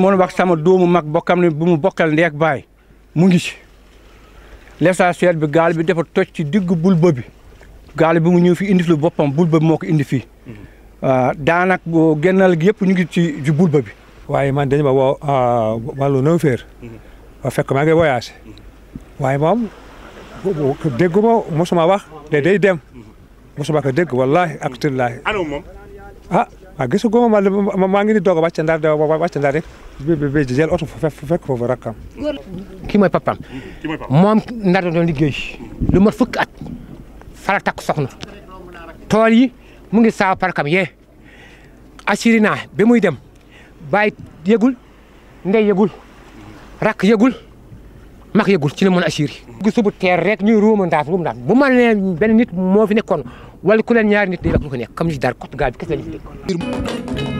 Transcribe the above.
moon wax sama doomu mag bokkam ne bu mu bokkal ndeek baay mu ngi ci l'essentiel bi gaal bi dafa toj ci digg bulba bi gaal bi mu ñëw fi indi lu boppam bulba bi moo ko indi fi ah, daanak boo gennal gi yëpp ñu ngi ci bulba bi waaye man dañ ma woo ah, wàllu neuf heures mm-hmm. fekk maa ngi voyage waaye moom déggu ma mosuma wax te day dem mosuma ko dégg wallaahi ak tullaahi. allo moom. ah ah gis nga ma maa ngi ni doog a wàcc ndaar wàcc ndaar rek bi bi bi jël oto fekk fekk foofu rakkam. kii mooy papam moom ndar doon liggéey lu mat fukki at fala takk soxna tool yi mu ngi saaw parkam yee assuré naa ba muy dem bàyyi yëgul ndey yëgul rakk yëgul. max yëgul ci la mën a assuré. subu teer rek ñuy ruuma ndaas ruuma ndaas bu ma nee benn nit moo fi nekkoon wala ku leen ñaari nit day wax ko nekk comme ni si dara kottu gaal bi kese la ñu